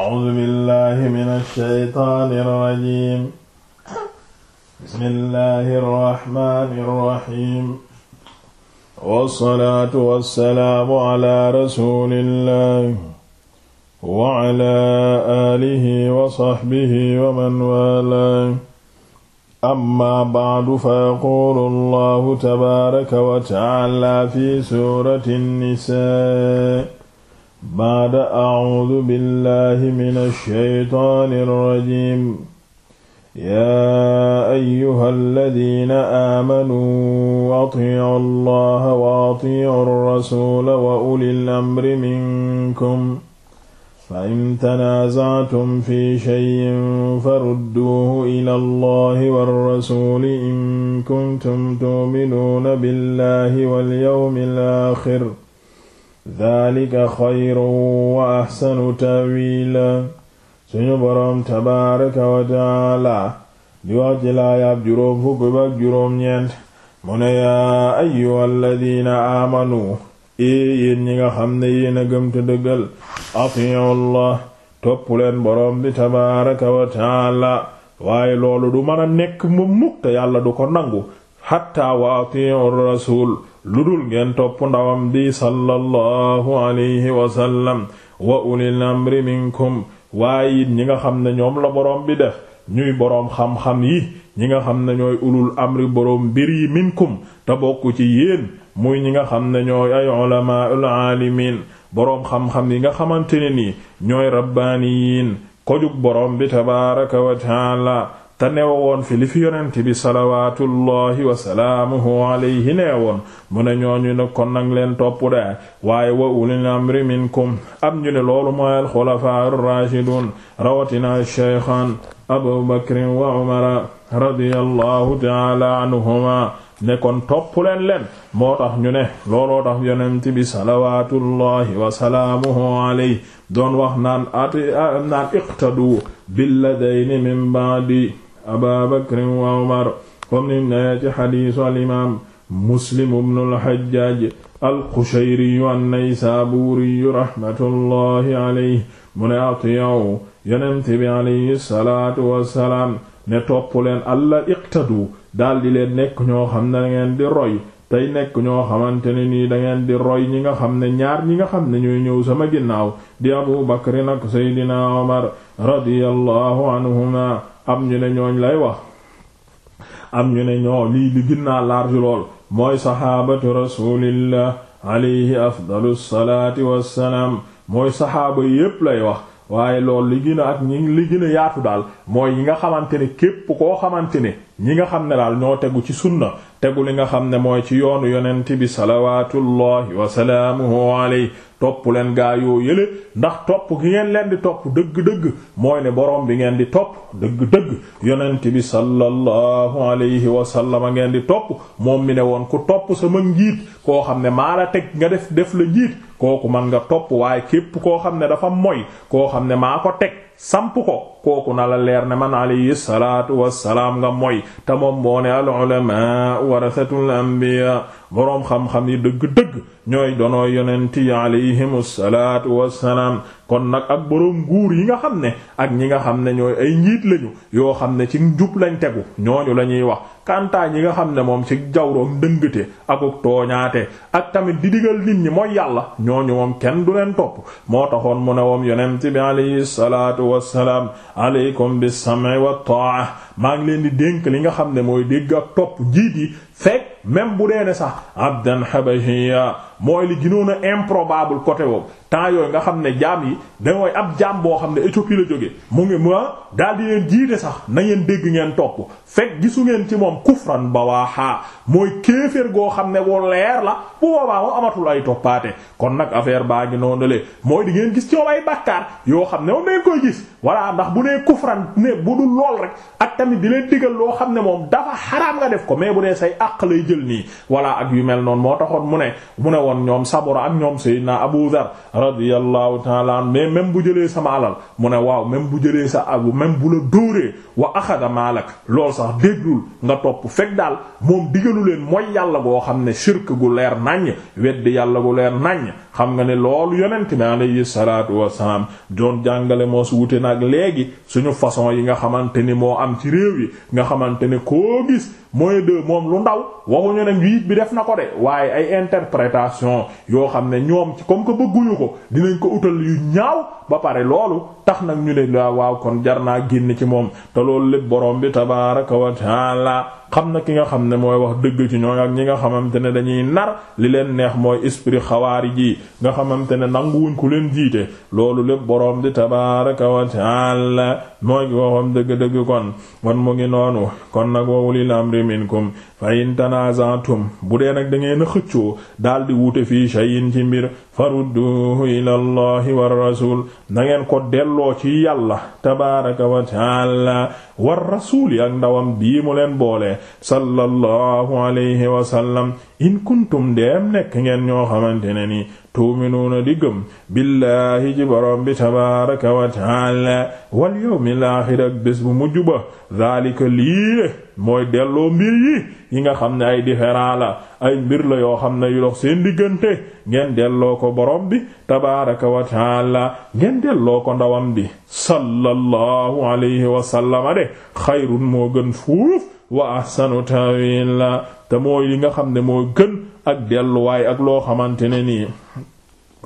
A'uuzu billaahi mina shaytaani rajiim. Bismillaahi rahmaani rahiim. Wa salaatu wa salaamu ala rasuulillaahi wa ala aalihi wa sahbihi wa man waalaahu. Amma ba'du fa yaquulu Allaahu tabaaraka wa ta'aalaa fi suurati Nisaa. baada acuudu billahi min alsheytaani alrajim yaa ayuha alladina aamanuu atiicu allaha wa atiicu alrasula wa ulil amri minkum fa in tanaasactum fi sheyin farudduuhu ila allahi warrasuli in kuntum tuuminuuna billahi walyawmi alaaxir daalika xayrun wa axsanu tawiila suñu boroom tabaaraka wa taala di wax ci laayaab juróom fukk ba juróom-ñeent mu ne yaa ayyuhalladiina aamanu eh, yéen ñi nga xam ne yéen a gëm te leen boroom bi tabaaraka wa taala waaye loolu du mën a nekk mu mukk te yàlla du ko nangu xatta wa atiiwur rasuul lu dul ngeen topp ndawam di sallallahu alayhi wasallam wa ulil amri minkum waaye it ñi nga xam ne ñoom la boroom bi def ñuy boroom xam-xam yi ñi nga xam ne ñooy ulul amri boroom mbir yi minkum te bokk ci yéen muy ñi nga xam ne ñooy ay ulamaa'ul aalimiin boroom xam-xam yi nga xamante ne ni ñooy rabbaaniyiin kojug boroom bi tabaaraka wa taala te newa fi li fi yonent bi salawaatullahi wasalaamuhu alayhi nee woon mu ne ñooñu ne kon nag leen topp de waaye wa ulil amri minkum am ñu ne loolu mooy alxulafaa ar-raashidun rawatina shaykhan abu bakrin wa umara radiyallahu taala anhuma ne kon topp leen leen moo tax ñu ne looloo tax yonent bi salawaatullahi wasalaamuhu alayhi doon wax naan ati naan iqtadu min ba'di Abaa Bakrin wa Umar comme nim nee ci xadiisu alimaam Muslim ibnul Hajjaaj al-Qushayriyu an-Naysaabuuriyu rahmatullahi alayhi mu ne atiyaw yonent bi alayhi salaatu wassalaam ne topp leen alla iqtadu daldi leen nekk ñoo xam ne dangeen di roy tey nekk ñoo xamante ne nii dangeen di roy ñi nga xam ne ñaar ñi nga xam ne ñooy ñëw sama ginnaaw di Abu Bakrin ak Seydina Umar radiyallahu anhuma am ñu ne ñooñ lay wax am ñu ne ñoo lii li gën naa large lool mooy saxaabatu rasulillah alayhi afdalu salaati wassalaam mooy saxaaba yépp lay wax waaye lool li gën ak ñi li gën yaatu daal mooy ñi nga xamante ne képp koo xamante ne ñi nga xam ne daal ñoo tegu ci sunna tegu li nga xam ne mooy ci yoonu yonent bi salawaatullahi wa salaamuhu alayhi topp leen gaa yoo ndax topp gi ngeen leen di topp dëgg-dëgg mooy ne borom bi ngeen di topp dëgg-dëgg yonent bi sallallahu alayhi wa sallam ngeen di topp moom mi ne woon ku topp sama njiit koo xam ne maa la teg nga def def la njiit kooku man nga topp waaye képp koo xam ne dafa moy koo xam ne maa ko teg samp ko kooku na la leer ne man alayhi salaatu wa salaam nga moy te moom moo ne al ulama warasatul anbiya boroom xam-xam yi dëgg-dëgg ñooy donoo yonent yi alayhimu salaatu wassalaam kon nag ak boroom nguur yi nga xam ne ak ñi nga xam ne ñooy ay njiit lañu yoo xam ne ci njub lañ tegu ñooñu la ñuy wax kantaa yi nga xam ne moom ci jawroog dëngate akuk tooñaate ak tamit di digal nit ñi mooy yàlla ñoo ñu moom kenn du leen topp moo taxoon mu ne woom yonent bi alayhi salaatu wassalaam aleykum bis-sam'i wat-ta'a maa ngi leen di dénk li nga xam ne mooy dégg ak topp njiit yi fekk même bu dee ne sax abdan habashiya mooy li gënoon a improbable côté boobu temps yooyu nga xam ne jaam yi da mooy ab jaam boo xam ne Éthiopie la jóge mu ngi ma daal di leen jiite sax na ngeen dégg ngeen topp fekk gisu ngeen ci moom kufran ba waaxaa mooy kéeféer goo xam ne boo leer la bu boobaa moom amatul ay toppaate kon nag affaire baa ngi noonu le mooy di ngeen gis ci moom ay bàkkaar yoo xam ne moom dañ koy gis voilà ndax bu nee kufran ne bu dul lool rek ak tamit di leen digal loo xam ne moom dafa xaraam nga def ko mais bu dee say àq lay jël nii voilà ak yu mel noonu woon ñoom sabura ak ñoom sayyidina Abu Dhar radiyallahu ta'ala an mais même bu jëlee sama alal mu ne waaw même bu jëlee sa abu même bu la dóoree wa axada maalak loolu sax déglul nga topp fekk daal moom digalu leen mooy yàlla goo xam ne shirk gu leer naññ weddi yàlla gu leer naññ xam nga ne loolu yonent mi alayhi salaatu wassalaam doon jàngale moo si wute nag léegi suñu façon yi nga xamante ni moo am ci réew yi nga xamante koo gis mooy deux moom lu ndaw waxuñu ne huit bi def na ko de waaye ay interprétation yoo xam ne ñoom ci comme que bëgguñu ko dinañ ko utal yu ñaaw ba pare loolu tax nag ñu ne waaw waaw kon jar naa génn ci moom te loolu lépp borom bi tabaaraka wa taala xam na ki nga xam ne mooy wax dëgg ci ñoo ak ñi nga xamante ne dañuy nar li leen neex mooy esprit xawaari ji nga xamante ne nanguwuñ ku leen jiite loolu lépp borom bi tabaaraka wa taala mooy ki waxam dëgg-dëgg kon kon mu ngi noonu kon nag wa ulil amri minkum fa in tanaza'tum bu dee nag da ngeen a xëccoo daal di wuute fii shay'in ci mbir farudduhu ila allahi war rasul nangeen ko delloo ci yàlla tabaaraka wa taala war rasuuli ak ndawam bii mu leen boole sallallahu alayhi wa sallam in kuntum deem nekk ngeen ñoo xamante ne ni tuuminuuna di gëm billaahi ci borom bi tabaaraka wa wal yawmil aaxir ak bés bu mujj ba daalika lii mooy delloo mbir yi nga xam ne ay différent la ay mbir la yoo xam ne yu seen diggante ngeen delloo ko borom bi tabaaraka wa ngeen delloo ko ndawam bi sallallahu alayhi wa de xayrun moo gën fuuf wa ahsanu tawila te mooy li nga xam ne moo gën ak delluwaay ak loo xamante ne nii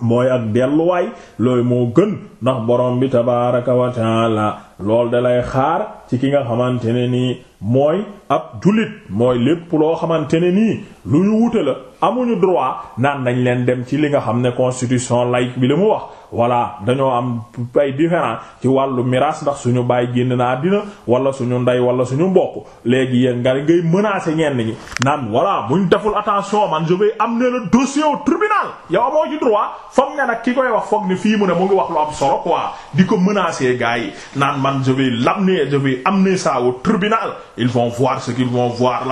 mooy ak delluwaay looy moo gën ndax borom bi tabaaraka wa loolu dalay xaar ci ki nga xamante ne nii mooy ab jullit mooy lépp loo xamante ne nii lu ñu wute la amuñu droit naan nañ leen dem ci li nga xam ne constitution laïque bi li mu wax voilà dañoo am bay différent ci wàllu miraas ndax suñu baay génn naa àddina wala suñu ndey wala suñu mbokk léegi yéen nga ngay menacer ñenn ñi naan voilà buñ deful attention man je am amener le dossier tribunal yow amoo ci droit foog ne nag ki koy wax foog ne fii mu ne mu wax lu am solo di ko menacer gars man je vais l'amener je vais amener ça au tribunal ils vont voir ce qu'ils vont voir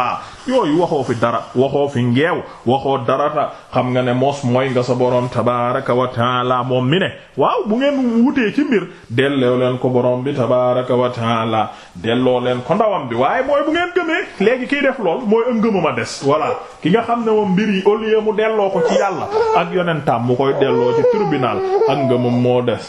ne moos mooy nga sa borom tabaraka wa taala moom mi ne waaw bu ngeen wutee ci mbir delloo leen ko borom bi tabaraka wa taala delloo leen ko ndawam bi waaye mooy bu ngeen gëmee léegi kiy def lool mooy ak ngëmam a des voilà ki nga xam ne moom mbir yi au lieu mu delloo ko ci yàlla ak yonentam mu koy delloo ci tribunal ak ngëmam moo des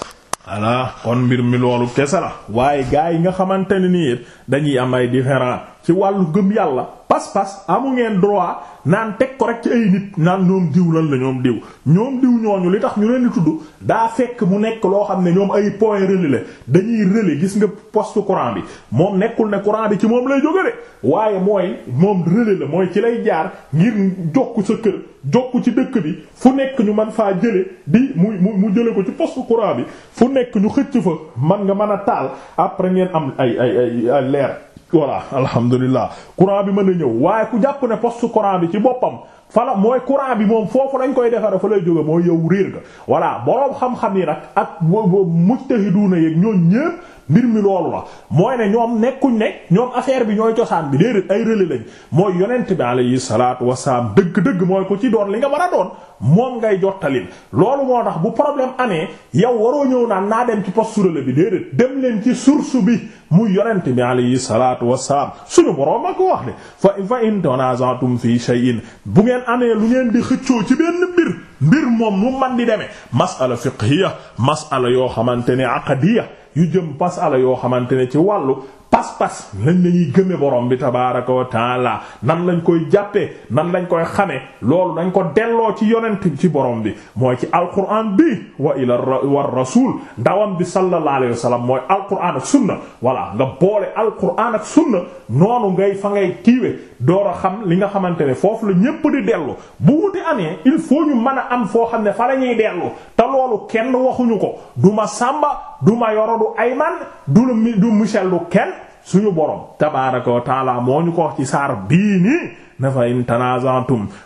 voilà kon mbir mi loolu kese la waaye gaa yi nga xamante ne nii dañuy am ay différent ci wàllu gëm yàlla pas-pas amu ngeen droit naan teg ko rek ci ay nit naan ñoom diw lan la ñoom diw ñoom diw ñooñu li tax ñu leen di tudd daa fekk mu nekk loo xam ne ñoom ay point relais la dañuy relais gis nga poste courant bi moom nekkul ne courant bi ci moom lay jóge rek waaye mooy moom relais la mooy ci lay jaar ngir jokk sa kër jokk ci dëkk bi fu nekk ñu man faa jële bi mu mu mu jële ko ci poste courant bi fu nekk ñu xëcc fa man nga mën a taal après ngeen am ay ay ay leer voilà alhamdulilah courant bi mën na ñëw waaye ku jàpp ne poste courant bi ci boppam fala mooy courant bi moom foofu lañ koy defare fa lay jóge mooy yow riir ga voilà boroom xam-xam yi nag ak mujtahiduuna yeeg ñooñ ñépp mbir mi loolu la mooy ne ñoom nekkuñ ne ñoom affaire bi ñooy cosaan bi déedéet ay relais lañ mooy yonent bi alayhi wa wasalaam dëgg-dëgg mooy ko ci doon li nga war a doon moom ngay jottalil loolu moo tax bu problème amee yow waroo ñëw naan naa dem ci poste relais bi déedéet dem leen ci source bi muy yonent bi alayhi wa wasalaam suñu borom a ko wax de fa fa in tanaza'tum fi shay'in bu ngeen amee lu ngeen di xëccoo ci benn mbir mbir moom mu man di demee mas'ala fiqhiyya mas'ala yoo xamante ne aqdiyya yu jëm ala yoo xamante ne ci wàllu pas-pas lañ lañuy gëme borom bi tabaaraka wa taala nan lañ koy jàppee nan lañ koy xamee loolu dañ ko delloo ci yonent ci borom bi mooy ci alquran bi wa ila wa rasul ndawam bi sallallahu alayhi wa sallam mooy alquran ak sunna walla nga boole alquran ak sunna noonu ngay fa ngay kiiwe doo a xam li nga xamante ne foofu la ñépp di dellu bu wuti amee il faut ñu mën a am foo xam ne fa la ñuy dellu te loolu kenn waxuñu ko du ma sàmba du ma yoro du ayman du du michel kenn suñu borom tabaaraka wa moo ñu ko wax ci saar bii nii na fa in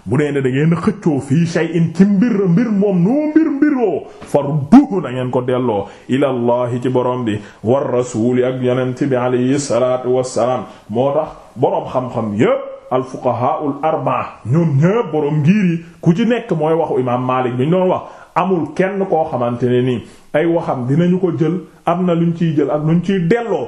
bu dee ne da ngeen xëccoo fii shay'in ci mbir mbir moom noo mbir mbiroo farudduhu na ngeen ko delloo ilallahi ci borom bi war rasuuli ak yonent bi alayhi salaatu wassalaam moo tax borom xam-xam yépp al fuqaha ul ñoom ñëpp borom ngir yi ku ci nekk mooy waxu imaam Maalik bi ñu doon wax amul kenn koo xamante ne nii ay waxam dinañu ko jël am na luñ ciy jël ak luñ ciy delloo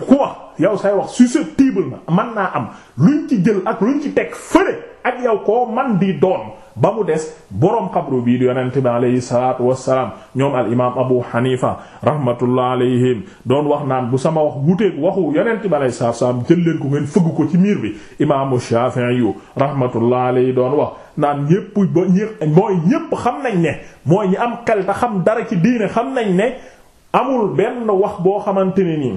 ku wax yow say wax susceptible na man naa am luñ ci jël ak luñ ci teg fële ak yow koo man di doon ba mu des boroom xabru bii di yonente bi alayhi salaatu wassalaam ñoom al imaam abu hanifa rahmatullah alayhim doon wax naan bu sama wax wuteeg waxu yonente bi alayhi salaatu wassalaam jël leen ko ngeen fëgg ko ci miir bi imaamu shafi'i yu rahmatullah alayhi doon wax naan ñépp mooy ñépp xam nañ ne mooy ñi am xel te xam dara ci diine xam nañ ne amul benn wax boo xamante ne nii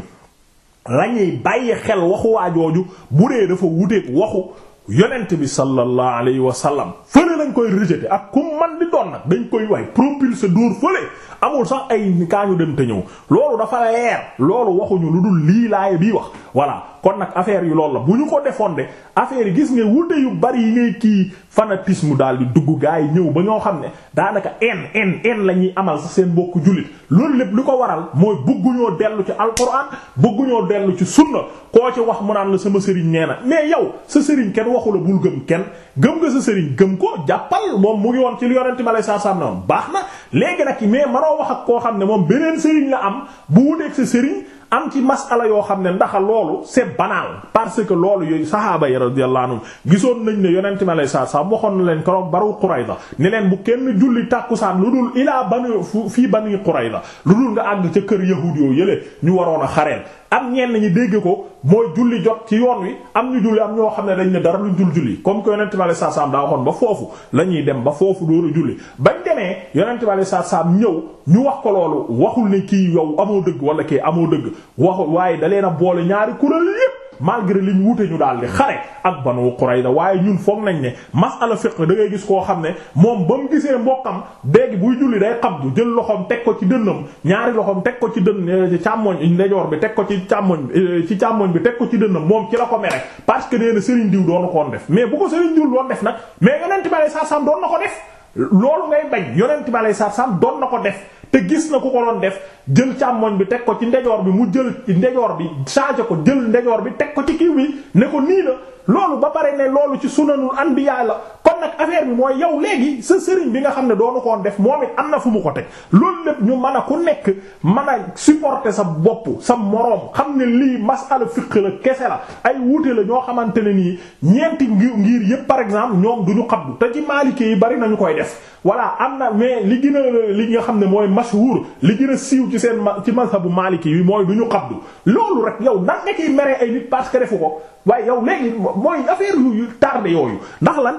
lañuy bàyyi xel waxu waajooju bu dee dafa wuteeg waxu yonent bi sallallahu alayhi wa sallam fële lañ koy rejeter ak ku man di doon nag dañ koy way propulser dóor fële amul sax ay kaa ñu dem te ñëw loolu dafa leer loolu waxuñu lu dul lii laay bii wax voilà kon nag affaire yu loolu la bu ñu ko defoon de affaire yi gis nga wute yu bari yi ngay kii fanatisme daal di dugg gaa yi ñëw ba ñoo xam ne daanaka en en en la ñuy amal sax seen mbokk jullit loolu lépp lu ko waral mooy bëgguñoo dellu ci alquran bëgguñoo dellu ci sunna koo ci wax mu naan la sama sëriñ nee na mais yow sa sëriñ kenn waxu la bul gëm kenn gëm nga sa sëriñ gëm ko jàppal moom mu ngi woon ci li yonent ma lay saasam ne woon baax na léegi nag mais manoo wax ak koo xam ne moom beneen sëriñ la am bu wuteeg sa sëriñ am ci mas masala yoo xam ne ndax loolu c'est banal parce que loolu yooyu saxaaba yi radiyallahu anhum gisoon nañ ne yonent mi alayhi salaatu salaam waxoon na leen keroog Baru Qurayza ne leen bu kenn julli tàkkusaan lu dul ilaa bani fii bani Qurayza lu dul nga àgg ca kër yahuud yoo yële ñu waroon a xareel am ñenn ñi dégg ko mooy julli jot ci yoon wi am ñu julli am ñoo xam ne dañ ne dara lu jul julli comme que yonent bi alayhi salaatu daa waxoon ba foofu la ñuy dem ba foofu dóor a julli bañ demee yonent bi alayhi ñëw ñu wax ko loolu waxul ne kii yow amoo dëgg wala kii amoo dëgg waxu waaye da leen a boole ñaari kuréel yépp malgré liñ wute ñu daal di xare ak Banu Qurayda waaye ñun foog nañ ne masala fiqh da ngay gis koo xam ne moom ba mu gisee mbokkam béegi buy julli day xabdu jël loxoom teg ko ci dënnam ñaari loxoom teg ko ci dënn eh, ci càmmoñ ndejoor bi teg ko ci càmmoñ eh, ci càmmoñ bi teg ko ci dënnam moom ci la ko mere parce que nee na Serigne Diw doon ko def mais bu ko Serigne Diw doon def nag mais yonent bi alayhi salaam doon na ko def loolu ngay bañ yonent bi alayhi salaam doon na ko def te gis na ku ko doon def jël càmmoñ bi teg ko ci ndejoor bi mu jël ndejoor bi changé ko jël ndejoor bi teg ko ci kiw bi ne ko nii la loolu ba pare ne loolu ci sunanul anbiya yàlla nag affaire bi mooy yow léegi sa sëriñ bi nga xam ne doonu koon def moom it am na fu mu ko teg loolu lépp ñu man a ku nekk man a supporter sa bopp sa moroom xam ne lii masala fiqh la kese la ay wuute la ñoo xamante ne nii ñeenti ngir ngir yëpp par exemple ñoom du ñu xabdu te ci maalikee yi bari nañu koy def voilà am na mais li gën a li nga xam ne mooy mashhur li gën a siiw ci seen ci bu maliki yi mooy du ñu xabdu loolu rek yow nan nga ciy ay nit parce que defu ko waaye yow léegi mooy affaire yu tardé yooyu ndax lan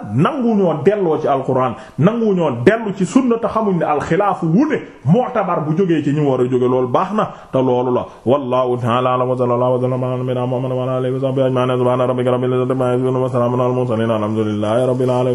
nanguñoo delloo ci alquran nanguñoo dellu ci sunna xamuñ ne alxilaafu wu ne mu'tabar bu jógee ci ñu war a jóge loolu baax na te loolu la wallahu ta'ala a'lam wa sallallahu wa sallama ala